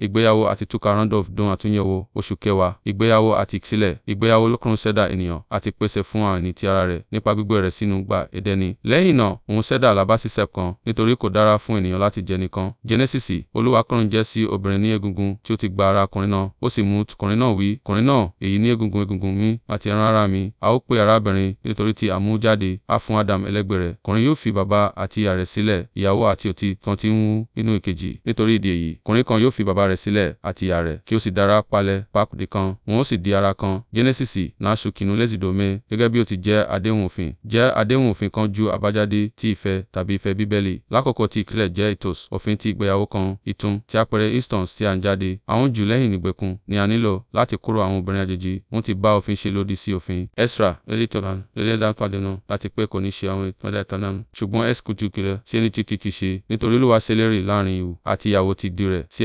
Ìgbéyàwó àti Túká Randolph dún àtúnyẹ̀wò oṣù kẹwàá. Ìgbéyàwó àti ìsílẹ̀. Ìgbéyàwó lọ́kùnrin ṣẹ̀dá ènìyàn àti pèsè fún àìní ti ara rẹ̀ nípa gbígbé rẹ̀ sínú ìgbà Edeni. Lẹ́yìn náà, òun ṣẹ̀dá alábáṣiṣẹ́ kan nítorí kò dára fún ènìyàn láti jẹ́ nìkan. Jenesisi. Olúwa kọ̀run jẹ́ sí obìnrin ní egungun tí ó ti gba ara ọkùnrin náà, ó sì mú ọkùnrin náà wí, ọkùnrin náà, èyí ni egungun egungun mi àti ẹran ara mi. A ó pe arábìnrin nítorí tí a mú fún Adam ẹlẹgbẹ́ rẹ̀. Ọkùnrin yóò fi baba àti ìyá rẹ̀ sílẹ̀, ìyàwó àti òtí kan ti ń wú nínú èkejì. Nítorí ìdí èyí, ọkùnrin kan yóò fi baba rẹ̀ sílẹ̀ àti ìyá rẹ̀, kí ó sì dára palẹ̀ papòdì kan, wọn ó sì di ara kan. Génésìsì, náṣu kinu lẹ́sìdòmé, gẹ́gẹ́ bí ó ti jẹ́ àdéhùn òfin. Jẹ́ àdéhùn òfin kan ju àbájáde ti ìfẹ́ tàbí ìfẹ́ bíbélì. Lákòókò ti ìkílẹ̀ jẹ́ ìtòs, òfin ti ìgbéyàwó kan, ìtún, ti àpẹẹrẹ instance tí a ń jáde. Àwọn jù lẹ́yìn ìgbèkùn ni a nílò láti kúrò àwọn obìnrin àjèjì, wọ́n ti bá òfin ṣe lòdì sí òfin. Esra, Elitolan, Leledapadena, láti pé kò ní ṣe Tanam. Ṣùgbọ́n Eskutu kìlẹ̀ sí ẹni tí kìkì ṣe, nítorí Olúwa ṣèlérí láàrin ìhù àti ìyàwó ti di rẹ̀ sí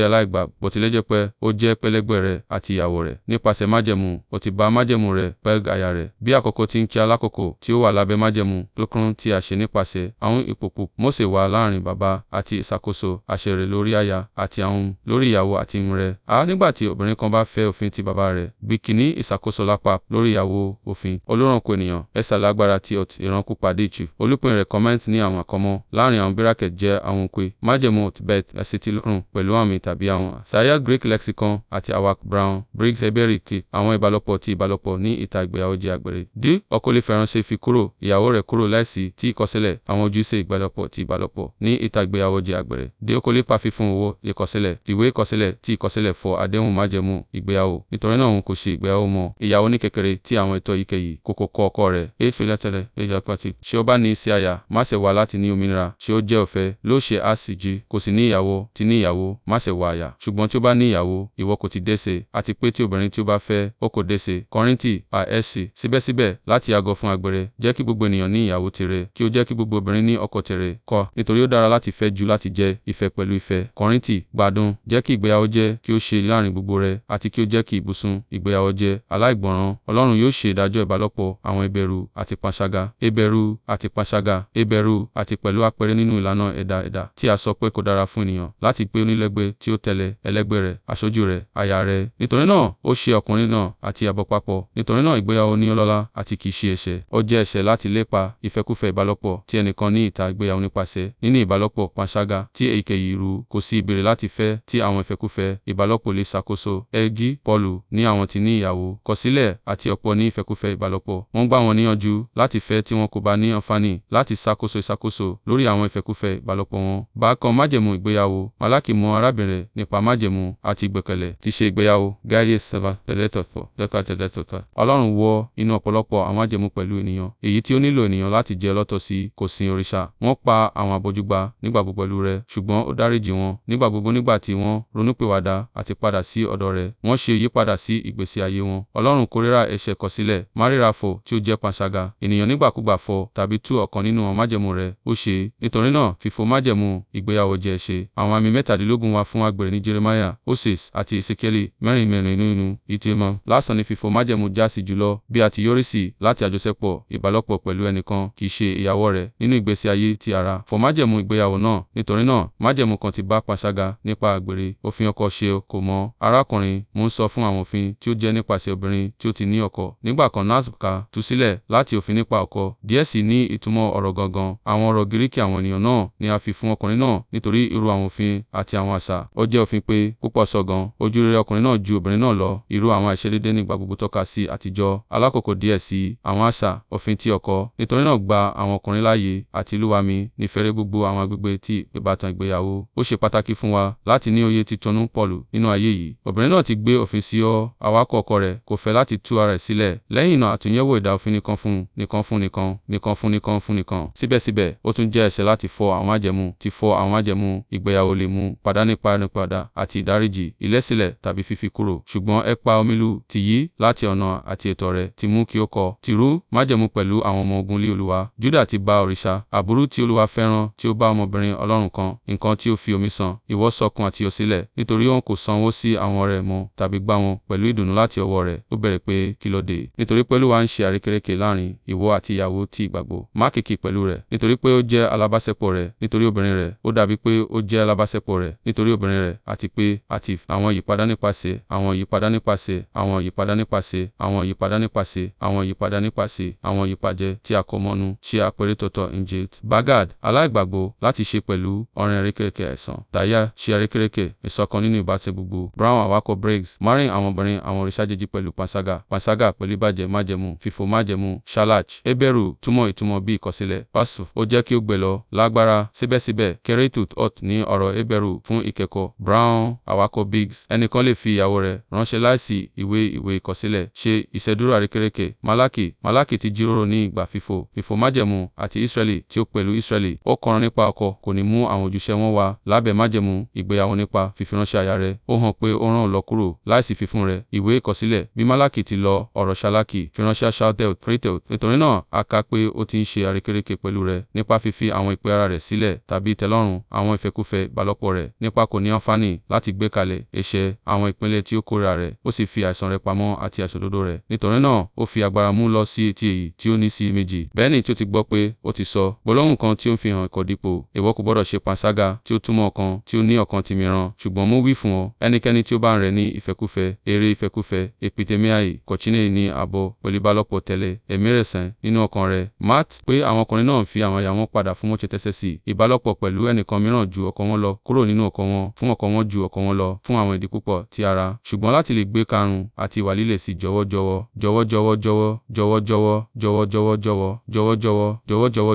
jẹ́ aláìgbà, bọ̀tilẹ́jẹ́ pé ó jẹ́ pẹlẹgbẹ́ rẹ̀ àti ìyàwó rẹ̀. Nípasẹ̀ májẹ̀mú, ó ti ba májẹ̀mú rẹ̀ pẹ̀lú aya rẹ̀. Bí àkókò ti ń kí alákòókò tí ó wà lábẹ́ májẹ̀mú, lókun tí a ṣe nípasẹ̀ àwọn ìpòpò Mósè wà láàárín bàbá àti ìṣàkóso àṣẹ rẹ̀ lórí aya àti àwọn lórí ìyàwó àti irun rẹ̀. A nígbà tí obìnrin kan bá fẹ́ òfin ti bàbá rẹ̀, bí kìíní ìṣàkóso lápá lórí ìyàwó òfin, olórànkó ènìyàn, ẹsẹ̀ alágbára ti ọ̀tí ìránkú pàdé ìtù. Olùpín rẹ̀ kọ́mẹ́ǹtì ní àwọn àkọmọ́ láàárín àwọn bírákẹ̀ jẹ́ àwọn òkè, májẹ̀mú ọ̀tí bẹ́ẹ̀ ẹ̀sìn ti lọ́rùn pẹ̀lú àmì ìta tàbí àwọn. Saya Greek Lexicon àti Awak Brown Briggs Eberike àwọn ìbálòpọ̀ ti ìbálòpọ̀ ní ìta ìgbéyàwó jẹ́ àgbèrè. D. Ọkọ lè fẹ́ràn ṣe fi kúrò ìyàwó rẹ̀ kúrò láìsí tí ìkọsílẹ̀ àwọn ojúṣe ìbálòpọ̀ ti ìbálòpọ̀ ní ìta ìgbéyàwó jẹ́ àgbèrè. D. Ọkọ lè pa fífún owó ìkọsílẹ̀ ìwé ìkọsílẹ̀ tí ìkọsílẹ̀ fọ àdéhùn májẹ̀mú ìgbéyàwó. Nítorí náà òun kò ṣe ìgbéyàwó mọ́. Ìyàwó ní kékeré tí àwọn ètò ìkẹyì kókó kọ ọkọ rẹ̀. E fìlẹ̀ tẹ́lẹ̀ ẹja pàtì. Ṣé ó bá ní sí aya? Má ṣe wà láti ní òmìnira. Ṣé ó jẹ́ ọ̀fẹ́? Ló ṣe àṣìjì. Kò sì ní ìyàwó. Ti ní ìyàwó. Má ṣe wà wa àyà. Ṣùgbọ́n tí ó bá ní ìyàwó, ìwọ kò ti dẹ́ṣẹ̀, àti pé tí obìnrin tí ó bá fẹ́, ó kò dẹ́ṣẹ̀. Kọ́ríńtì, ASC. Síbẹ̀síbẹ̀, láti yàgò fún àgbèrè, jẹ́ kí gbogbo ènìyàn ní ìyàwó tirẹ̀, kí ó jẹ́ kí gbogbo obìnrin ní ọkọ tirẹ̀. Kọ́, nítorí ó dára láti fẹ́ ju láti jẹ́ ìfẹ́ pẹ̀lú ìfẹ́. Kọ́ríńtì, gbádùn, jẹ́ kí ìgbéyàwó jẹ́ kí ó ṣe láàrin gbogbo rẹ̀, àti kí ó jẹ́ kí ibùsùn ìgbéyàwó jẹ́ aláìgbọràn. Ọlọ́run yóò ṣe ìdájọ́ ìbálòpọ̀ àwọn ìbẹ̀rù àti panṣágà, ìbẹ̀rù àti panṣágà, ìbẹ̀rù àti pẹ̀lú àpẹẹrẹ nínú ìlànà ẹ̀dá ẹ̀dá, tí a sọ pé kò dára fún ènìyàn láti gbé onílẹ̀gbé tí tí ó tẹ̀lé ẹlẹ́gbẹ́ rẹ̀, aṣojú rẹ̀, aya rẹ̀. Nítorí náà, ó ṣe ọkùnrin náà àti abo papọ̀. Nítorí náà ìgbéyàwó ní ọlọ́lá àti kì í ṣe ẹ̀ṣẹ̀. Ó jẹ́ ẹ̀ṣẹ̀ láti lépa ìfẹ́kúfẹ̀ẹ́ ìbálòpọ̀ tí ẹnìkan ní ìta ìgbéyàwó nípasẹ̀ níní ìbálòpọ̀ panṣágà tí èyíkéyìí irú kò sí ìbéèrè láti fẹ́ tí àwọn ìfẹ́kúfẹ̀ẹ́ ìbálòpọ̀ lè ṣàkóso. Ẹgí, Pọ́ọ̀lù ní àwọn tí ní ìyàwó kọ̀sílẹ̀ àti ọ̀pọ̀ ní ìfẹ́kúfẹ̀ẹ́ ìbálòpọ̀. Wọ́n gbà wọ́n níyànjú láti fẹ́ tí wọn kò bá ní àǹfààní láti ṣàkóso ìṣàkóso lórí àwọn ìfẹ́kúfẹ̀ẹ́ ìbálòpọ̀ wọn. Bákan májẹ̀mú ìgbéyàwó, Málákì mọ arábìnrin bẹ̀rẹ̀ nípa májẹ̀mú àti ìgbẹ́kẹ̀lé ti ṣe ìgbéyàwó gáyé sẹ́fà tẹ̀lẹ́tọ̀tọ̀ lẹ́ka tẹ̀lẹ́tọ̀tọ̀. Ọlọ́run wọ inú ọ̀pọ̀lọpọ̀ àwọn májẹ̀mú pẹ̀lú ènìyàn, èyí tí ó nílò ènìyàn láti jẹ́ lọ́tọ̀ sí kò sin òrìṣà. Wọ́n pa àwọn àbojúgba nígbàgbọ́ pẹ̀lú rẹ̀, ṣùgbọ́n ó dáríjì wọ́n nígbà gbogbo nígbà tí wọ́n ronúpìwàdà àti padà sí ọ̀dọ̀ rẹ̀. Wọ́n ṣe ìyípadà sí ìgbésí ayé wọn. Ọlọ́run kórìíra ẹ̀ṣẹ̀ kọ̀sílẹ̀, márírafọ̀ tí ó jẹ́ panṣágà. Ènìyàn nígbàkúgbà fọ́ tàbí tú ọ̀kan nínú àwọn májẹ̀mú rẹ̀, ó ṣe. Nítorí náà, fífọ́ májẹ̀mú ìgbéyàwó jẹ́ ẹ̀ṣẹ̀. Àwọn àmì mẹ́tàdínlógún wà fún fún àgbèrè ní Jeremiah, Oses àti Ezekieli mẹ́rin mẹ́rin inú inú, ìtìmọ̀, lásán ni fífò májẹ̀mú já sí jùlọ, bí a ti yọrí sí láti àjọṣepọ̀, ìbálòpọ̀ pẹ̀lú ẹnìkan kì í ṣe ìyàwó rẹ̀ nínú ìgbésí ayé ti ara. Fọ májẹ̀mú ìgbéyàwó náà, nítorí náà, májẹ̀mú kan ti bá panṣágà nípa àgbèrè, òfin ọkọ ṣe kò mọ́. Arákùnrin, mò ń sọ fún àwọn òfin tí ó jẹ́ nípasẹ̀ obìnrin tí ó ti ní ọkọ. Nígbà kan Nazca tú sílẹ̀ láti òfin nípa ọkọ, díẹ̀ sì ní ìtumọ̀ ọ̀rọ̀ gangan. Àwọn ọ̀rọ̀ Gíríkì àwọn ènìyàn náà ni a fi fún ọkùnrin náà nítorí irú àwọn òfin àti àwọn àṣà ó jẹ́ òfin pé púpọ̀ ṣọ̀gàn, ojú rere ọkùnrin náà ju obìnrin náà lọ, irú àwọn àìṣedéédé nígbà gbogbo tọ́ka sí àtijọ́, alákòókò díẹ̀ sí àwọn àṣà, òfin ti ọkọ, nítorí náà gba àwọn ọkùnrin láàyè, àti Olúwa mi nífẹ̀ẹ́ rẹ gbogbo àwọn agbègbè ti ìbátan ìgbéyàwó. Ó ṣe pàtàkì fún wa láti ní òye titunu Paulu nínú ayé yìí. Obìnrin náà ti gbé òfin sí ọ, awakọ̀ ọkọ rẹ̀ kò fẹ́ láti tú ara rẹ̀ sílẹ̀. Lẹ́yìn náà àtúnyẹ̀wò ìdá òfin nìkan fún, nìkan fún nìkan, nìkan fún nìkan fún nìkan. Síbẹ̀síbẹ̀, ó tún jẹ́ ẹ̀ṣẹ̀ láti fọ àwọn májẹ̀mú, ti fọ àwọn májẹ̀mú ìgbéyàwó lè mú padà nípa ìdánipadà àti ìdáríjì, ìlẹ́sílẹ̀ tàbí fífi kúrò. Ṣùgbọ́n ẹ pa omi lù tì yí láti ọ̀nà àti ètò rẹ̀ ti mú kí ó kọ̀. Tìrú, májẹ̀mú pẹ̀lú àwọn ọmọ ogun lé Olúwa. Juda ti ba òrìṣà, aburú tí Olúwa fẹ́ràn tí ó bá ọmọbìnrin Ọlọ́run kan, nǹkan tí ó fi omi sàn, ìwọ sọkún àti yọ̀ sílẹ̀, nítorí òun kò sanwó sí àwọn ọrẹ mọ́ tàbí gbà wọ́n pẹ̀lú ìdùnnú láti ọwọ́ rẹ̀. Ó bẹ̀rẹ̀ pé kí ló dé? Nítorí pé Olúwa ń ṣe àrékérekè láàrín ìwọ àti ìyàwó ti ìgbàgbọ́. Má kìkì pẹ̀lú rẹ̀, nítorí pé ó jẹ́ alábáṣepọ̀ rẹ̀, nítorí obìnrin rẹ̀, ó dàbí pé ó jẹ́ alábáṣepọ̀ rẹ̀, nítorí obìnrin ọkùnrin rẹ̀ àti pé active àwọn ìyípadà nípasẹ̀ àwọn ìyípadà nípasẹ̀ àwọn ìyípadà nípasẹ̀ àwọn ìyípadà nípasẹ̀ àwọn ìyípadà nípasẹ̀ àwọn ìyípajẹ tí a kò mọ̀nu ṣe àpẹẹrẹ tọ̀tọ̀ inject bagad aláìgbàgbọ́ láti ṣe pẹ̀lú ọ̀rìn erékèrékè ẹ̀sán daya ṣe erékèrékè ìṣọ̀kan nínú ìbátẹ gbogbo brown awakọ̀ breaks marin àwọn obìnrin àwọn òrìṣàjèjì pẹ̀lú pansaga pansaga pẹ̀lú ìbàjẹ́ májẹ̀mú fífò májẹ̀mú shalach eberu túmọ̀ ìtumọ̀ bí ìkọsílẹ̀ pasu ó jẹ́ kí ó gbẹ lọ lágbára síbẹ̀síbẹ̀ keretut ot ní ọ̀rọ̀ eberu fún ìkẹ́kọ̀ọ́ awakọ̀ Brown, awakọ̀ Biggs. Ẹnìkan lè fi ìyàwó rẹ̀ ránṣẹ́ láìsí ìwé ìwé ìkọsílẹ̀. Ṣe ìṣedúró àrékérekè. Malaki. Malaki ti jíròrò ní ìgbà fífò, fífò májẹ̀mú àti Israeli, tí ó pẹ̀lú Israẹli. Ó kọrin nípa ọkọ kò ní mú àwọn ojúṣe wọn wá lábẹ́ májẹ̀mú ìgbéyàwó nípa fífiránṣẹ́ aya rẹ̀. Ó hàn pé ó rán lọ kúrò láìsí fífún rẹ̀. Ìwé ìkọsílẹ̀. Bí Malaki ti lọ ọ̀rọ̀ Ṣaláki, fìránṣẹ́ Ṣaltel, Pretel. Nítorí náà, a kà pé ó ti ń ṣe àrékérekè pẹ̀lú rẹ̀ nípa fífi àwọn ìpè ara rẹ̀ sílẹ̀ tàbí ìtẹ́lọ́rùn àwọn ìfẹ́kúfẹ̀ẹ́ ìbálòpọ̀ rẹ̀ nípa kò ní ní àǹfààní láti gbé kalẹ̀ ẹ̀ṣẹ̀ àwọn ìpínlẹ̀ tí ó kórìíra rẹ̀, ó sì fi àìsàn rẹ̀ pamọ́ àti àìṣòdodo rẹ̀. Nítorí náà, ó fi agbára mú lọ sí etí èyí tí ó ní sí méjì. Bẹ́ẹ̀ni tí ó ti gbọ́ pé ó ti sọ, gbólóhùn kan tí ó ń fihàn ẹ̀kọ́ dípò, ìwọ kò gbọdọ̀ ṣe panṣágà tí ó túmọ̀ ọ̀kan tí ó ní ọ̀kan tìmíràn. Ṣùgbọ́n mo wí fún ọ, ẹnikẹ́ni tí ó bá ń rẹ̀ ní ìfẹ́kúfẹ̀ẹ́, èrè ìfẹ́kúfẹ̀ẹ́, epitemiai, kọ̀chíne ní àbọ̀ pẹ̀lú ìbálòpọ̀ tẹ́lẹ̀, ẹ̀mí rẹ̀ sàn nínú ọkàn rẹ̀. Matt pé àwọn ọkùnrin náà ń fi àwọn aya wọn padà fún mọ́tẹ́tẹ́sẹ́sì, ìbálòpọ̀ pẹ̀lú ẹnìkan mìíràn ju ọkọ wọn lọ kúrò nínú ọkọ wọn fún ọkọ wọn ju ọkọ wọn lọ fún àwọn ìdí púpọ̀ ti ara. Ṣùgbọ́n láti lè gbé karùn-ún àti ìwà líle sí jọ̀wọ́jọ̀wọ́, jọ̀wọ́jọ̀wọ́ jọ̀wọ́, jọ̀wọ́jọ̀wọ́, jọ̀wọ́jọ̀wọ́ jọ̀wọ́, jọ̀wọ́jọ̀wọ́, jọ̀wọ́jọ̀wọ́ jọ̀wọ́,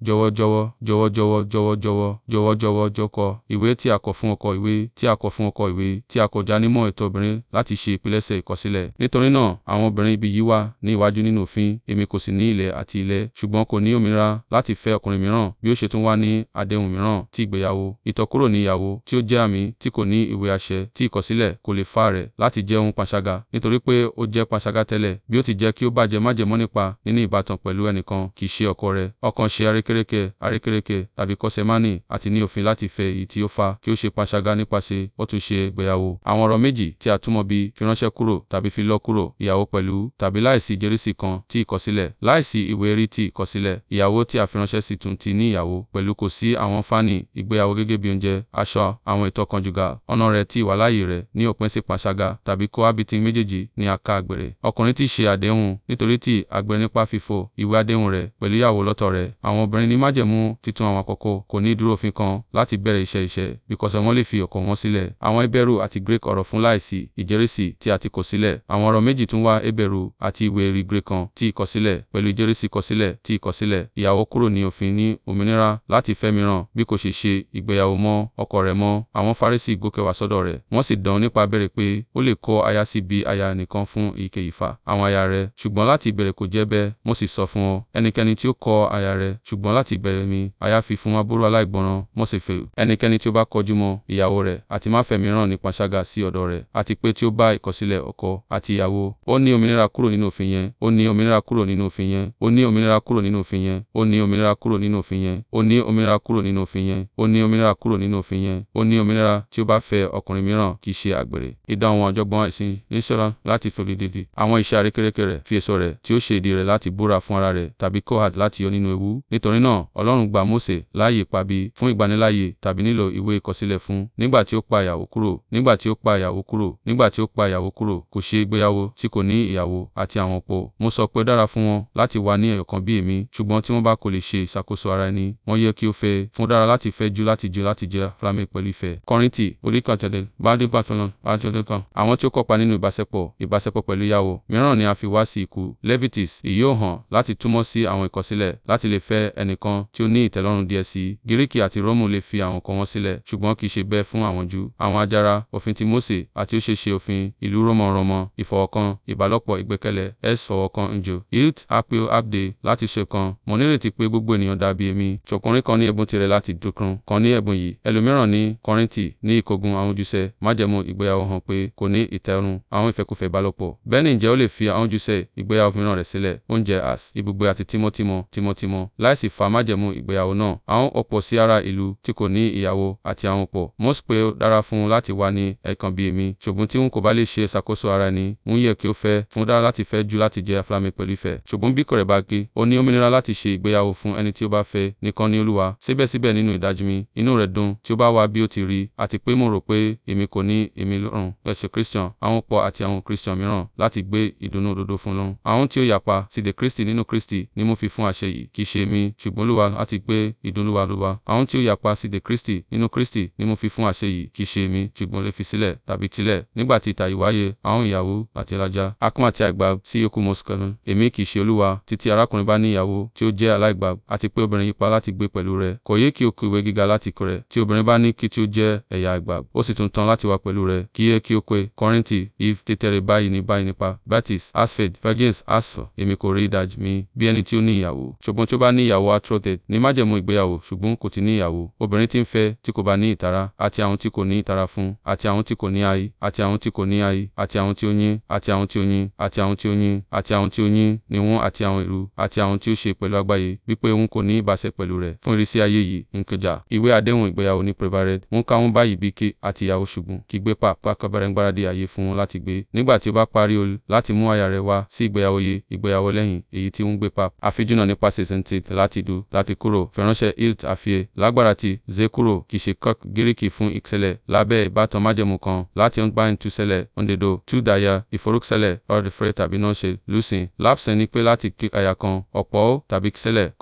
jọ̀wọ́jọ̀wọ́, jọ̀wọ́jọ̀wọ́ jọ̀wọ́jọ̀wọ́, jọ̀wọ́jọ̀wọ́ jọ̀kọ̀. Ìwé tí a kọ fún ọkọ ìwé tí a kọ fún ọkọ ìwé tí a kọ jánímọ́ ẹ̀tọ́ obìnrin láti ṣe ìpilẹ̀ṣẹ̀ ìkọ̀sílẹ̀. Nítorí náà, àwọn obìnrin ibi yìí wà ní iwájú nínú òfin, èmi kò sì ní ilẹ̀ àti ilẹ̀, ṣùgbọ́n kò ní òmìnira láti fẹ́ ọkùnrin mìíràn bí ó ṣe tún wà ní àdéhùn mìíràn ti ìgbéyàwó. Ìtọ́kúrò ní ìyàwó tí ó jẹ́ àmì tí kò ní ìwé àṣẹ tí ìkọ̀sílẹ̀ kò lè fà rẹ̀ láti jẹ́ ohun panṣágà, nítorí pé ó jẹ́ panṣágà tẹ́lẹ̀, bí ó ti jẹ́ kí ó bàjẹ́ májẹ̀mú nípa níní ìbátan pẹ̀lú ẹnìkan kì í ṣe ọkọ rẹ̀. Ọkàn ṣe àrékérekè, àrékérekè tàbí kọ́ṣẹ̀mánì àti ní òfin láti fẹ́ èyí tí ó fà kí ó ṣe panṣágà nípasẹ̀ ó tún ṣe ìgbéyàwó. Àwọn ọ̀rọ̀ méjì tí a túmọ̀ bí “firánṣẹ́ kúrò” tàbí “filọ́ kúrò” ìyàwó pẹ̀lú tàbí láìsí ìjẹ́rìsí kan ti ìkọ̀sílẹ̀. Láìsí ìwé-ẹ̀rí ti ìkọ̀sílẹ̀, ìyàwó tí a fi ránṣẹ́ sí tún ti ní ìyàwó, pẹ̀lú kò sí àwọn àǹfààní ìgbéyàwó gẹ́gẹ́ bí oúnjẹ, aṣọ, àwọn ìtọkàn jùgà, ọ̀nà rẹ̀ ti ìwàláàyè rẹ̀ ní òpin sí panṣágà tàbí cohabiting méjèèjì ní a ká àgbèrè. Ọkùnrin ti ṣe àdéhùn nítorí ti àgbèrè nípa fífo ìwé àdéhùn rẹ̀ pẹ̀lú ìyàwó lọ́tọ̀ rẹ̀. Àwọn obìnrin ní májẹ̀mú titun àwọn àkókò kò ní ìdúró òfin kan láti bẹ̀rẹ̀ iṣẹ́ iṣẹ́, bíkọ́ṣẹ́ wọn lè fi ọkọ wọn sílẹ̀. Àwọn Hébérù àti Greek ọ̀rọ̀ fún láìsí ìjẹ́rìsí tí a ti kọ sílẹ̀. Àwọn ọ̀rọ̀ méjì tún wà Hébérù àti ìwé ẹ̀rí Greek kan tí ìkọsílẹ̀ pẹ̀lú ìjẹ́rìsí kọsílẹ̀ tí ìkọsílẹ̀. Ìyàwó kúrò ní òfin ní òmìnira láti fẹ́ mìíràn bí kò ṣe ṣe ìgbéyàwó mọ́ ọkọ rẹ̀ mọ́. Àwọn àwọn Farisi gòkè wá sọ́dọ̀ rẹ̀, wọ́n sì dán nípa béèrè pé ó lè kọ́ aya sí bí aya nìkan fún ike ìfà àwọn aya rẹ̀, ṣùgbọ́n láti ìbẹ̀rẹ̀ kò jẹ́ bẹ́ẹ̀, mo sì sọ fún ọ, ẹnikẹ́ni tí ó kọ̀ aya rẹ̀, ṣùgbọ́n láti ìbẹ̀rẹ̀ mi, aya fi fún aburú aláìgbọràn, mo sì fẹ́, ẹnikẹ́ni tí ó bá kọjú mọ́ ìyàwó rẹ̀ àti má fẹ̀míràn nípa ṣága sí ọ̀dọ̀ rẹ̀, àti pé tí ó bá ìkọ̀sílẹ̀ ọkọ àti ìyàwó, ó ní òmìnira kúrò nínú òfin yẹn, ó ní òmìnira kúrò nínú òfin yẹn, ó ní òmìnira kúrò nínú òfin yẹn, ó ní òmìnira kúrò nínú òfin yẹn, ó ní òmìnira kúrò nínú òfin yẹn, ó ní òmìnira kúrò nínú òfin yẹn, ó ní òmìnira tí ó bá fẹ́ ọkùnrin mìíràn kì í ṣe àgbèrè. Ìdáhùn ọ̀jọ̀gbọ́n ẹ̀sìn ní Sọ́lá láti fòlì dìdì. Àwọn iṣẹ́ àrékérekè rẹ̀ fi èso rẹ̀ tí ó ṣe ìdí rẹ̀ láti búra fún ara rẹ̀ tàbí Kohat láti yọ nínú ewu. Nítorí náà, Ọlọ́run gba Mósè láàyè pabi fún ìgbaniláàyè tàbí nílò ìwé ìkọsílẹ̀ fún. Nígbà tí ó pa ìyàwó kúrò, nígbà tí ó pa ìyàwó kúrò, nígbà tí ó pa ìyàwó kúrò, kò ṣe ìgbéyàwó tí kò ní ìyàwó àti àwọn opó. Mo sọ pé ó dára fún wọn láti wà ní ẹyọ̀kan bí èmi, ṣùgbọ́n tí wọ́n bá kò lè ṣe ìṣàkóso ara ẹni, wọ́n yẹ kí ó fẹ́, fún dára láti fẹ́ ju láti jó láti jẹ́ flamé pẹ̀lú ìfẹ́ rẹ̀. Kọ́ríntì orí kàtẹ́lẹ̀ gbádùn bàtúnà bàtúnà kan. Àwọn tí ó kópa nínú ìbáṣepọ̀ ìbáṣepọ̀ pẹ̀lú ìyàwó mìíràn ni a fi wá sí ikú. Levitis èyí yóò hàn láti túmọ̀ sí àwọn ìkọsílẹ̀ láti lè fẹ́ ẹnìkan tí ó ní ìtẹ́lọ́rùn díẹ̀ sí. Gíríkì àti Rómù lè fi àwọn kan wọn sílẹ̀ ṣùgbọ́n kì í ṣe bẹ́ẹ̀ fún àwọn Júù. Àwọn ajara òfin ti Mósè àti ó ṣe ṣe òfin ìlú rọmọrọmọ ìfọwọ́kan ìbálòpọ̀ ìgbẹ́kẹ̀lé s fọwọ́kan njò. Ilt apio abde láti ṣe kan mo nírètí pé gbogbo ènìyàn dàbí èmi. Ṣọkùnrin kan ní ẹ̀bùn tirẹ̀ láti dúnkùn kan ní ẹ̀bùn yìí ẹlòmíràn ní Kọ́ríńtì ní ìkógun àwọn ojúṣe májẹ̀mú ìgbéyàwó hàn pé kò ní ìtẹ́run àwọn ìfẹ́kùfẹ́ ìbálòpọ̀. Bẹ́ẹ̀ ǹjẹ́ ó lè fi àwọn ojúṣe ìgbéyàwó mìíràn rẹ̀ sílẹ̀, oúnjẹ as, ibùgbé àti tímọ́tímọ́, tímọ́tímọ́, láìsí fa májẹ̀mú ìgbéyàwó náà. Àwọn ọ̀pọ̀ sí ará ìlú tí kò ní ìyàwó àti àwọn ọ̀pọ̀. Mo sọ pé ó dára fún un láti wà ní ẹ̀ẹ̀kan bí èmi, ṣùgbọ́n tí n kò bá lè ṣe ìṣàkóso ara ẹni, n yẹ kí ó fẹ́, fún dára láti fẹ́ ju láti jẹ́ afúlámi pẹ̀lú ìfẹ́. Ṣùgbọ́n bí kò rẹ̀ bá gé, ó ní òmìnira láti ṣe ìgbéyàwó fún ẹni tí ó bá fẹ́, nìkan ni Olúwa. Síbẹ̀síbẹ̀ nínú ìdájọ́ mi, inú rẹ̀ dùn tí ó bá wá bí ó ti rí rí àti pé mo rò pé èmi kò ní èmi lọ́rùn ẹ̀ṣẹ̀ Christian, àwọn pọ̀ àti àwọn Christian mìíràn láti gbé ìdùnnú òdodo fún lọ́rùn. Àwọn tí ó yapa sí de Kristi nínú Kristi ni mo fi fún àṣẹ yìí, kì í ṣe èmi, ṣùgbọ́n Olúwa láti gbé ìdùnnú wa Olúwa. Àwọn tí ó yapa sí de Kristi nínú Kristi ni mo fi fún àṣẹ yìí, kì í ṣe èmi, ṣùgbọ́n lè fi sílẹ̀ tàbí tilẹ̀ nígbà tí ìtàyè wáyé, àwọn ìyàwó àti alájà. Akọ́n àti àìgbàb sí yòókù Mọ́sùkẹ́nu. Èmi kì í ṣe Olúwa, títí arákùnrin bá ní ìyàwó tí ó jẹ́ aláìgbàb àti pé obìnrin yípa láti gbé pẹ̀lú jẹ́ ẹ̀yà ìgbàgbọ́. Ó sì tún tán láti wà pẹ̀lú rẹ̀ kí é kí ó pé Kọ́ríńtì, if tètèrè báyìí ní báyìí nípa Baptist, Asfed, Virgins, Asfo, èmi kò rí ìdajì mi bí ẹni tí ó ní ìyàwó. Ṣùgbọ́n tí ó bá ní ìyàwó atroted ní májẹ̀mú ìgbéyàwó ṣùgbọ́n kò tí ní ìyàwó. Obìnrin tí ń fẹ́ tí kò bá ní ìtara àti àwọn tí kò ní ìtara fún àti àwọn tí kò ní ayé àti àwọn tí kò ní ayé àti àwọn tí ó yín àti àwọn tí ó yín àti àwọn tí ó yín àti àwọn tí ó yín ni wọ́n àti àwọn ìlú àti àwọn tí ó ṣe pẹ̀lú àgbáyé wípé òun kò ní ìbáṣẹ káwọn bá yìí bí ké àti ìyàwó ṣùgbọ́n kí gbé pàápàá kọ́bẹ̀rẹ̀ ń gbáradì ààyè fún wọn láti gbé. Nígbà tí ó bá parí olú láti mú aya rẹ̀ wá sí ìgbéyàwó yìí, ìgbéyàwó lẹ́yìn èyí tí ó gbé pa. Àfijúnà nípasẹ̀ Zentit láti dù láti kúrò. Fẹ̀ránṣẹ́ Hilt àfihàn lágbára ti Zé kúrò kì í ṣe kọ́k Gíríkì fún ìṣẹ̀lẹ̀ lábẹ́ ìbátan májẹ̀mú kan láti ń gbá ìtúsẹ̀lẹ̀ òǹdèdò tú dàyà ìforúkṣẹ̀lẹ̀ ọ̀rẹ́ fẹ́ tàbí náà ṣe lùsìn. Lápsẹ̀ ni pé láti kí aya kan ọ̀pọ̀ ó tàbí ṣẹlẹ̀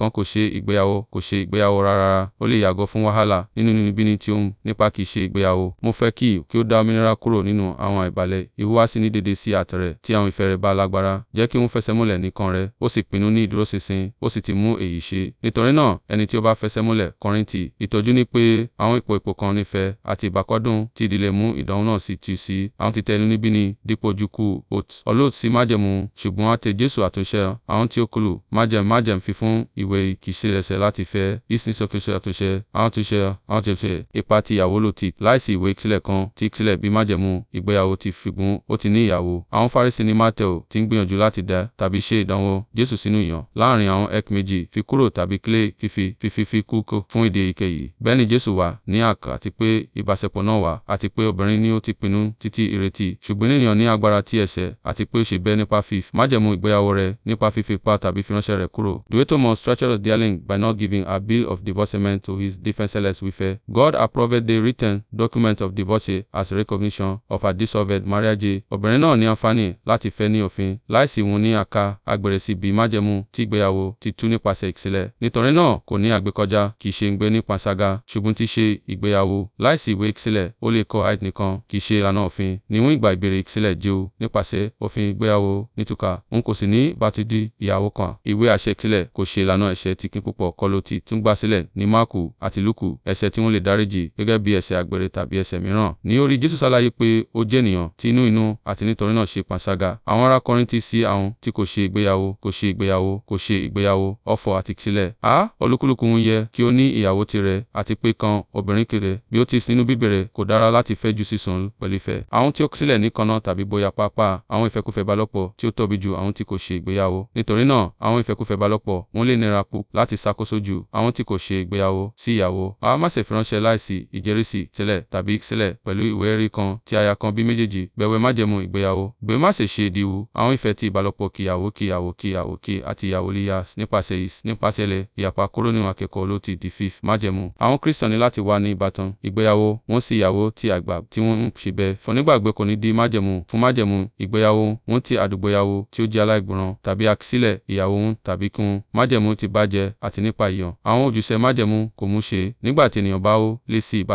ìlépa kì í ṣe ìgbéyàwó. Mo fẹ́ kí kí ó dá òmìnira kúrò nínú àwọn àìbalẹ̀ ìhùwàsí ní dédé sí àtẹ̀rẹ̀ tí àwọn ìfẹ́ rẹ̀ bá lágbára. Jẹ́ kí òun fẹsẹ̀múlẹ̀ nìkan rẹ̀, ó sì pinnu ní ìdúróṣinṣin, ó sì ti mú èyí ṣe. Nítorí náà, ẹni tí ó bá fẹsẹ̀múlẹ̀ Kọ́ríńtì, ìtọ́jú ni pé àwọn ipò ipò kan nífẹ̀ẹ́ àti ìbákọ́dùn ti ìdílé mú ìdánwò náà sì tú sí àwọn títẹ inú níbí ni dípò ojú kú ot. Ọlọ́ọ̀tì sí májẹ̀mú, ṣùgbọ́n àtẹ Jésù àtúnṣe àwọn tí ó kúlù, májẹ̀m májẹ̀m fífún ìwé kìí ṣe lẹ́sẹ̀ láti fẹ́, ìsìn sọ́kúnṣe àtúnṣe, àwọn túnṣe, àwọn túnṣe, ipa ti ìyàwó ìyàwó ló ti láìsí ìwé ìtìlẹ̀ kan tí ìtìlẹ̀ bí májẹ̀mú ìgbéyàwó ti fìgún ó ti ní ìyàwó. Àwọn Fárísì ní Mátẹ̀ò ti ń gbìyànjú láti dá tàbí ṣe ìdánwò Jésù sínú ìyàn láàrin àwọn ek méjì fi kúrò tàbí kílé fífi fífi fi kúkú fún ìdí ìkẹyì. Bẹ́ẹ̀ ni Jésù wà ní àkà àti pé ìbáṣepọ̀ náà wà àti pé obìnrin ni ó ti pinnu títí ìrètí ṣùgbọ́n ènìyàn ní agbára ti ẹ̀ṣẹ̀ àti pé ó ṣe bẹ́ẹ̀ nípa fífi májẹ̀mú ìgbéyàwó rẹ̀ nípa fífi pa tàbí fìránṣẹ́ rẹ̀ kúrò. Dueto must treacherous dealing by not giving a bill of divorcement to his defenseless wife. God approved the written document of divorce as recognition of a dissolved marriage. Obìnrin náà ní àǹfààní láti fẹ́ ní òfin láìsí wọn ní àká agbèrè sí bí májẹ̀mú tí ìgbéyàwó ti tú nípasẹ̀ ìsílẹ̀. Nítorí náà kò ní àgbékọjá kì í ṣe ń gbé ní panṣágà ṣùgbọ́n ti ṣe ìgbéyàwó láìsí ìwé ìsílẹ̀ ó lè kọ àìd nìkan kì í ṣe ìlànà òfin. Níwọ̀n ìgbà ìbéèrè ìsílẹ̀ jẹ́ nípasẹ̀ òfin ìgbéyàwó nítúkà n kò sì ní bàtí di ìyàwó kan. Ìwé àṣẹ ìsílẹ̀ kò ṣe ìlànà ẹ̀ṣẹ̀ tí kí púpọ̀ kọlu ti tún gbà sílẹ̀ ní Máàkù àti bí ẹ̀ṣẹ̀ àgbèrè tàbí ẹ̀ṣẹ̀ mìíràn. Ní orí Jésù ṣàlàyé pé ó jẹ́ ènìyàn tí inú inú àti nítorí náà ṣe panṣágà. Àwọn ará Kọ́ríńtì sí àwọn tí kò ṣe ìgbéyàwó, kò ṣe ìgbéyàwó, kò ṣe ìgbéyàwó, ọ̀fọ̀ àti sílẹ̀. A, olúkúlùkù ń yẹ kí ó ní ìyàwó tirẹ̀ àti pé kan obìnrin kéré bí ó ti nínú bíbèrè kò dára láti fẹ́ ju sísun pẹ̀lú ìfẹ́. Àwọn tí ó sílẹ̀ nìkan tàbí bóyá pàápàá àwọn ìfẹ́kúfẹ́ ìbálòpọ̀ tí ó tóbi ju àwọn tí kò ṣe ìgbéyàwó. Nítorí náà, àwọn ìfẹ́kúfẹ́ ìbálòpọ̀ wọ́n lè nira pọ̀ láti ṣàkóso ju àwọn tí kò ṣe ìgbéyàwó sí ìyàwó. A má ṣe fi ránṣẹ́ láìsí ìjẹ́ Jẹ́rìsì sílẹ̀ tàbí sílẹ̀ pẹ̀lú ìwé ẹ̀rí kan tí aya kan bí méjèèjì bẹ̀wẹ̀ májẹ̀mú ìgbéyàwó. Gbé má ṣe ṣe ìdíwọ́ àwọn ìfẹ́ ti ìbálòpọ̀ kíyàwó kíyàwó kíyàwó kí àti ìyàwó líyà nípasẹ̀ is nípasẹ̀ ilẹ̀ ìyapa kúrò nínú akẹ́kọ̀ọ́ ló ti di fifth májẹ̀mú. Àwọn Kírísítàn ní láti wà ní ìbátan ìgbéyàwó wọn sí ìyàwó ti àgbà tí wọ́n ń ṣe bẹ́ẹ̀. Fọ̀nígbàgbé kò ní di májẹ̀mú fún májẹ̀mú ìgbéyàwó wọn ti àdúgbòyàwó tí ó jẹ́ aláìgbọràn tàbí àkísílẹ̀ ìyàwó wọn tàbí kí wọn májẹ̀mú ti bàjẹ́ àti nípa ìyàn. Àwọn ojúṣe májẹ̀mú kò mú ṣe nígbà tí ènìyàn bá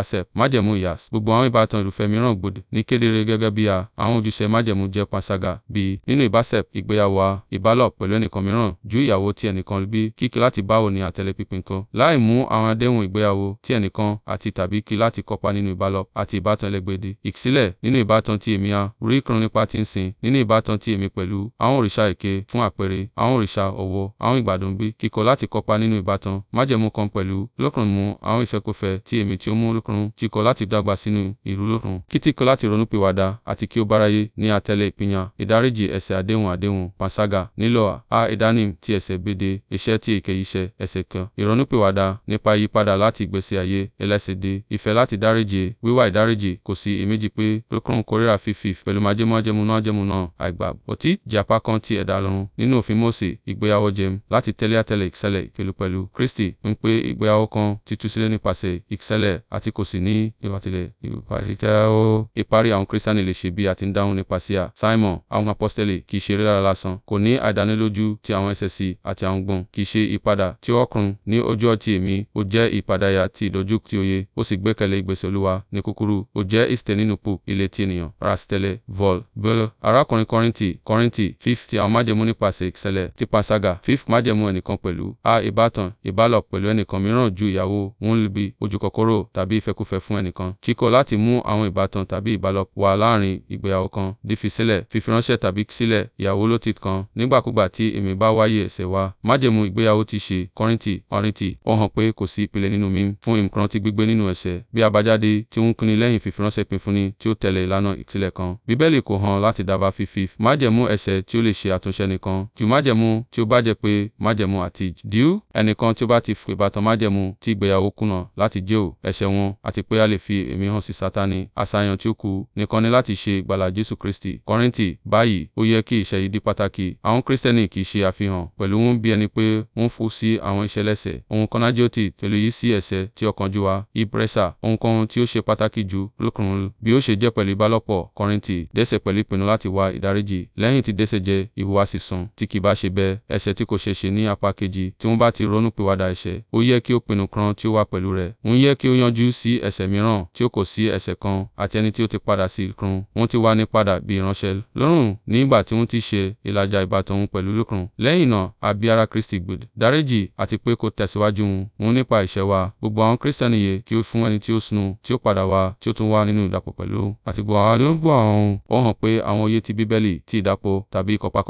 nípasẹ̀ májẹ̀mú ìyàsí. Gbogbo àwọn ìbátan irúfẹ́ mìíràn gbòdì ní kedere gẹ́gẹ́ bí a àwọn ojúṣe májẹ̀mú jẹ́ panṣágà bí nínú ìbáṣẹ̀ ìgbéyàwó wa ìbálò pẹ̀lú ẹnìkan mìíràn ju ìyàwó ti ẹnìkan bí kíkí láti báwo ni àtẹ̀lé pínpín kan láì mú àwọn àdéhùn ìgbéyàwó ti ẹnìkan àti tàbí kí láti kópa nínú ìbálò àti ìbátan ẹlẹgbẹ̀dì ìsílẹ̀ nínú ìbátan ti èmi a rí kan nípa ti ń sìn nínú ìbátan ti èmi pẹ̀lú àwọn òrìṣà èké fún àpẹẹrẹ àwọn òrìṣà ọ̀wọ̀ àwọn ìgbàdùn bí kíkọ̀ láti kópa nínú ìbátan májẹ̀mú kan pẹ̀lú lọ́kàn mú àwọn ìfẹ́kùfẹ́ ti èmi tí ó mú lọ́kàn ọ̀run ti kọ̀ láti dàgbà sínú ìrúlọ́run kí ti kọ̀ láti ronúpìwàdà àti kí ó báráyé ní àtẹ̀lé ìpìyàn ìdáríjì ẹ̀ṣẹ̀ àdéhùn àdéhùn panṣágà nílò a ìdánim ti ẹ̀ṣẹ̀ gbèdé iṣẹ́ ti èké iṣẹ́ ẹ̀ṣẹ̀ kan ìrònúpìwàdà nípa ìyípadà láti ìgbésí ayé ẹlẹ́sìndé ìfẹ́ láti dáríjì wíwá ìdáríjì kò sí èméjì pé lókùnrin kórìíra fífi pẹ̀lú májẹmọ́jẹmú náà náà àìgbà òtí Kristi ń pé ìgbéyàwó kan ti tú sílẹ̀ sì ní ìwàtílẹ̀ ìpàṣíjáwó. Ìparí àwọn Kírísítánì lè ṣe bí a ti ń dáhùn nípasẹ̀ Simon, àwọn apọ́stẹ́lì kì í ṣe rírà lásán, kò ní àìdánilójú ti àwọn ẹsẹ̀ sí àti àwọn gbọ̀n, kì í ṣe ìpadà tí ó kùn ní ọjọ́ ti èmi, ó jẹ́ ìpadàyà ti ìdójú ti òye, ó sì gbẹ́kẹ̀lé ìgbésẹ̀ Olúwa ní kúkúrú, ó jẹ́ ìsìtẹ̀ nínú pò ilé ti ènìyàn, rastẹ̀lẹ̀, vol, bẹ́lẹ̀. Arákùnrin Kọ́ríntì, Kọ́ríntì, fifth ti àwọn májẹ̀mú nípasẹ̀ ìṣẹ̀lẹ̀ ti panṣágà, fifth májẹ̀mú ẹnìkan pẹ̀lú, a ìbátan, ìbálò pẹ̀lú ẹnìkan mìíràn ju ìyàwó, ń lùbí, ojú kòkòrò tàbí ìfẹ́ ìfẹ́kúfẹ́ fún ẹnìkan. Kíkọ̀ láti mú àwọn ìbátan tàbí ìbálòpọ̀ wà láàárín ìgbéyàwó kan, dífi sílẹ̀, fífiránṣẹ́ tàbí sílẹ̀, ìyàwó ló ti kan, nígbàkúgbà tí èmi bá wáyé ẹ̀ṣẹ̀ wa. Májẹ̀mú ìgbéyàwó ti ṣe, Kọ́ríńtì, Ọ̀rìntì, ó hàn pé kò sí ìpìlẹ̀ nínú mi fún ìmùkúrán ti gbígbé nínú ẹ̀ṣẹ̀, bí àbájáde tí ń kúnni lẹ́yìn fífiránṣẹ́ pínfúnni tí ó tẹ̀lé ìlànà ìtìlẹ̀ kan. Bíbélì kò hàn láti dábàá fífi májẹ̀mú ẹ̀ṣẹ̀ tí ó lè ṣe àtúnṣe nìkan, ju májẹ̀mú tí ó bá jẹ́ pé májẹ̀mú àti dìú, ẹnìkan tí ó bá ti fi ìbátan ti ìgbéyàwó kùnà láti jẹ́ ò, ẹ̀ṣẹ̀ wọn, àti pé a lè fi ẹ̀mí hàn sí Sátánì. Àṣàyàn tí ó kù nìkan ni láti ṣe ìgbàlà Jésù Kristi. Kọ́ríńtì, báyìí, ó yẹ kí ìṣe yìí di pàtàkì. Àwọn Kristẹni kì í ṣe àfihàn pẹ̀lú wọn bí ẹni pé wọ́n fò sí àwọn iṣẹ́ lẹ́sẹ̀. Ohun kan nájíọ́tì pẹ̀lú yìí sí ẹ̀sẹ̀ tí ọkàn wa wá. Ìpẹ́rẹ́sà, ohunkóhun tí ó ṣe pàtàkì jù lókùnrin bí ó ṣe jẹ́ pẹ̀lú ìbálòpọ̀. Kọ́ríńtì, dẹ́ṣẹ̀ pẹ̀lú ìpinnu láti wá ìdáríjì. Lẹ́yìn tí dẹ́ṣẹ̀ jẹ́ ìhùwàsí sùn, tí kì bá ṣe bẹ́ẹ̀, ẹ̀ṣẹ̀ tí kò ṣe ṣe ní apá kejì, tí wọ́n bá ti ronú pìwàdà ó yẹ kí ó pinnu kan tí ó wà pẹ̀lú rẹ̀. Ó yẹ kí ó yanjú sí ẹsẹ̀ mìíràn tí ó kò sí ẹsẹ̀ kan àti ẹni tí ó ti padà sí ìkrun. Wọ́n ti wá ní padà bí ìránṣẹ́ lọ́rùn ní ìgbà tí wọ́n ti ṣe ìlàjà ìbátan òun pẹ̀lú ìkrun. Lẹ́yìn náà, a bí ara Kristi gbòdì, dáríjì àti pé kó tẹ̀síwájú wọn nípa ìṣẹ́ wa. Gbogbo àwọn Kristẹni yẹ kí ó fún ẹni tí ó sùn tí ó padà wá tí ó tún wá nínú ìdàpọ̀ pẹ̀lú àti gbogbo àwọn olóńgbò ọ̀hún. Ó hàn pé àwọn òye ti Bíbélì ti ìdàpọ̀ tàbí ìkọ̀pá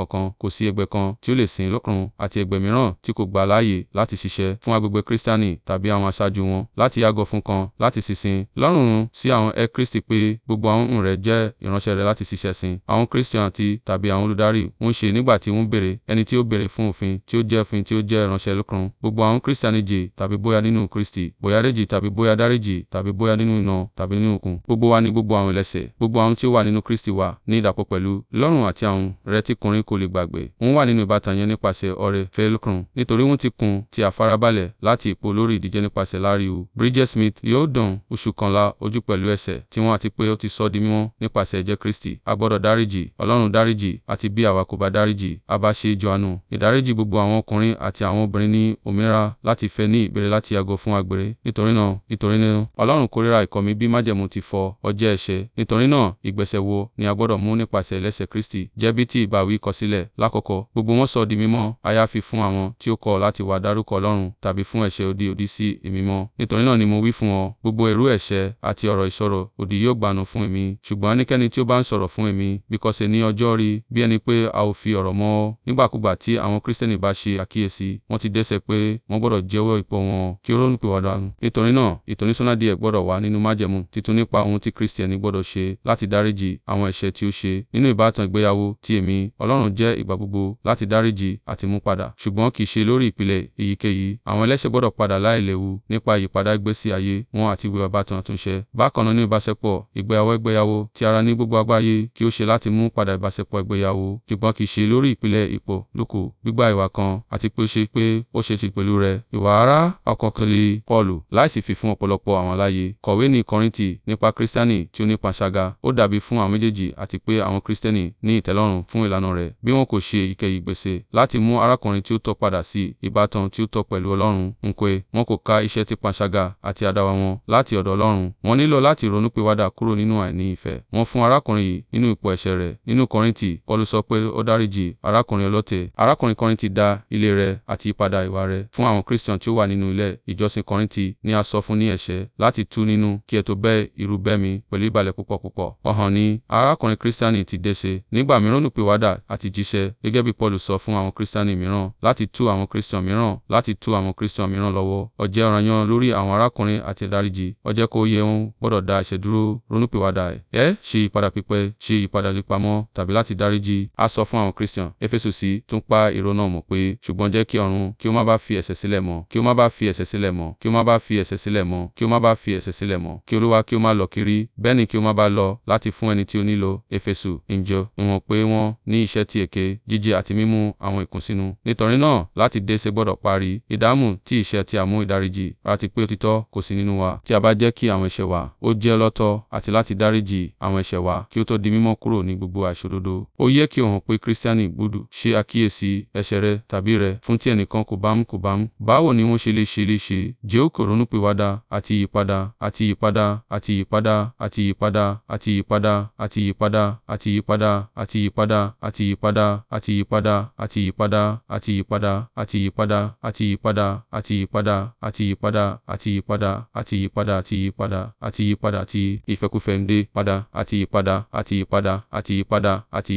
láti sísin. Lọ́rùn sí àwọn ẹ Kristi pé gbogbo àwọn ohun rẹ̀ jẹ́ ìránṣẹ́ rẹ̀ láti ṣiṣẹ́ sin. Àwọn Kristian ti tàbí àwọn olùdarí ń ṣe nígbà tí wọ́n béèrè ẹni tí ó béèrè fún òfin tí ó jẹ́ òfin tí ó jẹ́ ìránṣẹ́ lókun. Gbogbo àwọn Kristiani jì tàbí bóyá nínú Kristi, bóyá rèjì tàbí bóyá dáríjì tàbí bóyá nínú iná tàbí nínú òkun. Gbogbo wa ni gbogbo àwọn ẹlẹ́ṣẹ̀. Gbogbo àwọn tí ó wà nínú Kristi wà ní ìdàpọ̀ pẹ̀lú Lọ́rùn àti àwọn rẹ̀ tí kùnrin kò lè gbàgbé. Wọ́n wà nínú ìbátan yẹn nípasẹ̀ ọrẹ fẹ́ lókun. Nítorí wọ́n ti kùn ti àfarabalẹ̀ láti ipò lórí ìdíje nípasẹ̀ láríwú. Bridget Smith yóò ọdún, oṣù kọkànlá ojú pẹ̀lú ẹ̀ṣẹ̀ tiwọn àti pé ó ti sọ di mímọ́ nípasẹ̀ ẹ̀jẹ̀ Kristi. A gbọ́dọ̀ dáríjì, Ọlọ́run dáríjì, àti bí àwa kò bá dáríjì, a bá ṣe Jòhánù. Ìdáríjì gbogbo àwọn ọkùnrin àti àwọn obìnrin ní òmìnira láti fẹ́ ní ìbéèrè láti yàgò fún àgbèrè. Nítorí náà, nítorí náà, Ọlọ́run kórìíra ìkọ̀mí bí májẹ̀mú ti fọ ọjẹ́ ẹ̀ṣẹ̀. Nítorí náà, ìgbésẹ̀ wo ni a gbọ́dọ̀ mú nípasẹ̀ ẹlẹ́sẹ̀ Kristi? Jẹ́ bí ti ìbáwí kọsílẹ̀. Lákọ̀ọ́kọ́, gbogbo wọn sọ di mímọ́, àyàfi fún àwọn tí ó kọ̀ láti wá dárúkọ Ọlọ́run tàbí fún ẹ̀ṣẹ̀ òdì òdì sí Ẹ̀mí Nítorí náà ni mo wí fún ọ, Gbogbo irú ẹ̀ṣẹ̀ àti ọ̀rọ̀ ìṣòro òdì yóò gbanu fún èmi. Ṣùgbọ́n ẹnikẹ́ni tí ó bá ń sọ̀rọ̀ fún èmi, bí kò ṣe ní ọjọ́ rí, bí ẹni pé a ò fi ọ̀rọ̀ mọ́ ọ. Nígbàkúùgbà tí àwọn Kristiẹni bá ṣe àkíyèsí, wọ́n ti dẹ́ṣẹ̀ pé wọ́n gbọdọ̀ jẹ́wọ́ ipò wọn kí ó ronúpìwàdà. Nítorí náà, ìtọ́nisọ́nà díẹ̀ gbọdọ̀ wà nínú májẹ̀mú titun nípa ohun tí Kristiẹni gbọdọ̀ àti ìwé bàbá tan àtúnṣe. Bákan náà ní ìbáṣepọ̀, ìgbéyàwó ìgbéyàwó ti ara ní gbogbo àgbáyé kí ó ṣe láti mú padà ìbáṣepọ̀ ìgbéyàwó, ṣùgbọ́n kì í ṣe lórí ìpìlẹ̀ ipò lókù, gbígba ìwà kan, àti pé ó ṣe pé ó ṣe ti pẹ̀lú rẹ̀. Ìwà ara ọ̀kọ̀ọ̀kanlé Paulu, láìsí fífún ọ̀pọ̀lọpọ̀ àwọn àlàyé, kọ̀wé ní Kọ́ríńtì nípa Kírísítánì tí ó ní panṣágà, ó dàbí fún àwọn méjèèjì àti pé àwọn Kírísítẹ́nì ní ìtẹ́lọ́rùn láti ọ̀dọ̀ Ọlọ́run. Wọ́n nílò láti ronúpìwàdà kúrò nínú àìní ìfẹ́ wọn fún arákùnrin yìí nínú ipò ẹ̀ṣẹ̀ rẹ̀. Nínú Kọ́ríńtì, Paulu sọ pé ó dáríjì arákùnrin ọlọ́tẹ̀. Arákùnrin Kọ́ríńtì dá ilé rẹ̀ àti ìyípadà ìwà rẹ̀ fún àwọn Christian tí ó wà nínú ilé ìjọsìn Kọ́ríńtì ni a sọ fún ní ẹ̀ṣẹ̀ láti tú nínú kí ẹ tó bẹ́ irú bẹ́mi pẹ̀lú ìbàlẹ̀ púpọ̀ púpọ̀. Ọ̀hàn ni arákùnrin Kírísítánì ti dẹ́ṣẹ̀ nígbà mìíràn olùpìwàdà àti jíṣẹ́ gẹ́gẹ́ bí Paulu sọ fún àwọn Kírísítánì mìíràn láti tú àwọn Kírísítàn mìíràn láti tú àwọn Kírísítàn mìíràn lọ́wọ́. Ó jẹ́ lórí àwọn arákùnrin àti dáríjì kejì, ọjẹ́ kó yẹ òun gbọ́dọ̀ dá ẹ̀ṣẹ̀ dúró, ronúpìwàdà ẹ̀, ṣe ìpadà pípẹ́, ṣe ìpadà lípamọ́ tàbí láti dáríjì. A sọ fún àwọn Christian, Éfésù sí tún pa èrò náà mọ̀ pé, ṣùgbọ́n jẹ́ kí ọ̀run kí ó má bá fi ẹ̀ṣẹ̀ sílẹ̀ mọ́, kí ó má bá fi ẹ̀ṣẹ̀ sílẹ̀ mọ́, kí ó má bá fi ẹ̀ṣẹ̀ sílẹ̀ mọ́, kí ó má bá fi ẹ̀ṣẹ̀ sílẹ̀ mọ́, kí Olúwa kí ó má lọ kiri, bẹ́ẹ̀ ni kí ó má bá lọ láti fún ẹni tí ó nílò. Éfésù, ǹjọ́, ìwọ̀n pé wọ́n ní iṣẹ́ ti èké, jíjẹ àti mímú àwọn ìkùnsínú. Nítorí náà, láti dé ṣe gbọ́dọ̀ parí, ìdámù ti iṣẹ́ ti àmú ìdáríjì, àti pé òtítọ́ kò sí nínú wa tí a bá jẹ́ kí àwọn ẹ̀ṣẹ̀ wa, ó jẹ́ lọ́tọ̀, àti láti dáríjì àwọn ẹ̀ṣẹ̀ wa kí ó tó di mímọ́ kúrò ní gbogbo àìṣòdodo. Ó yẹ kí o hàn pé Kristiani gbọ́dọ̀ ṣe àkíyèsí ẹ̀ṣẹ̀ rẹ̀ tàbí rẹ̀ fún tí ẹnìkan kò bámú kò bámú. Báwo ni wọ́n ṣe lè ṣe lè ṣe? Jẹ́ ó kò ronúpìwàdà àti ìyípadà àti ìyípadà àti ìyípadà àti ìyípadà àti ìyípadà àti ìyípadà àti ìyípadà àti ìyípadà àti ìyípadà àti ìyípadà àti ìyípadà àti ìyípadà àti ìyípadà àti ìyípadà àti ìyípadà àti ìyípadà àti ìyípadà àti ìyípadà ìyípadà àti ìyípadà àti ìyípadà àti ìfẹ́kúfẹ̀ẹ́ ń dé padà àti ìyípadà àti ìyípadà àti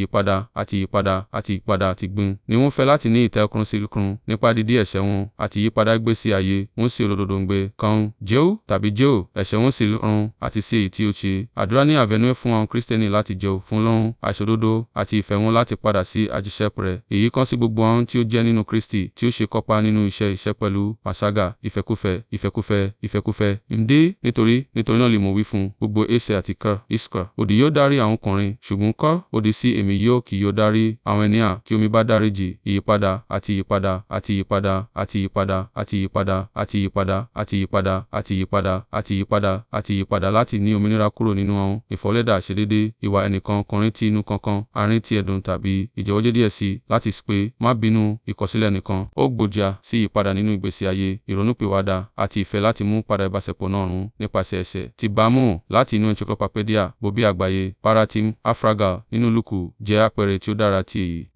ìyípadà àti ìyípadà àti ìyípadà àti ìyípadà àti gbin. Ni wọ́n fẹ́ láti ní ìtẹ́kùn sí ìkùn nípa dídí ẹ̀ṣẹ̀ wọn àti ìyípadà ìgbésí ayé wọn sí olódodo ń gbé kan Jéhù tàbí Jéhù ẹ̀ṣẹ̀ wọn sí ọ̀run àti sí èyí tí ó ṣe. Àdúrà ní àvẹnú fún àwọn Kristẹni láti jẹ́ fún lọ́run àìṣòdodo àti ìfẹ́ wọn láti padà sí àjíṣẹ́pẹ̀ rẹ̀. Èyí kan sí gbogbo àwọn tí ó jẹ́ nínú Kristi tí ó ṣe kópa nínú iṣẹ́ iṣẹ́ pẹ̀lú pàṣágà ìfẹ́kúfẹ̀ẹ́ ìfẹ́kúfẹ̀ẹ́ ìfẹ́kúfẹ̀ẹ́ ń dé, nítorí, nítorí náà lè mo wí fún gbogbo Ese àti Ka, Iska, òdì yóò dárí àwọn ọkùnrin, ṣùgbọ́n kọ́, òdì sí èmi yóò kì yóò dárí àwọn ẹni à kí omi bá dáríjì, ìyípadà, àti ìyípadà, àti ìyípadà, àti ìyípadà, àti ìyípadà, àti ìyípadà, àti ìyípadà, àti ìyípadà, àti ìyípadà, àti ìyípadà láti ní òmìnira kúrò nínú àwọn ìfọ̀lẹ́dà àìṣedéédé, ìwà ẹnìkan ọkùnrin ti inú kankan, àárín ti ẹ̀dùn tàbí ìjẹ́wọ́jẹ́ díẹ̀ sí, láti pé, má bínú, ìkọ̀sílẹ̀ ẹnìkan, ó gbòjà sí ìyípadà nínú ìgbésí ayé, ìrònúpìwàdà, àti ìfẹ́ láti mú padà ìbáṣepọ̀ ọ̀nà ọ̀run nípasẹ̀ ẹsẹ̀. Ti Bámù láti inú Encyclopedia Bòbí Àgbáyé, para Tim Afragal nínú Lúkù jẹ́ àpẹẹrẹ tí ó dára ti èyí.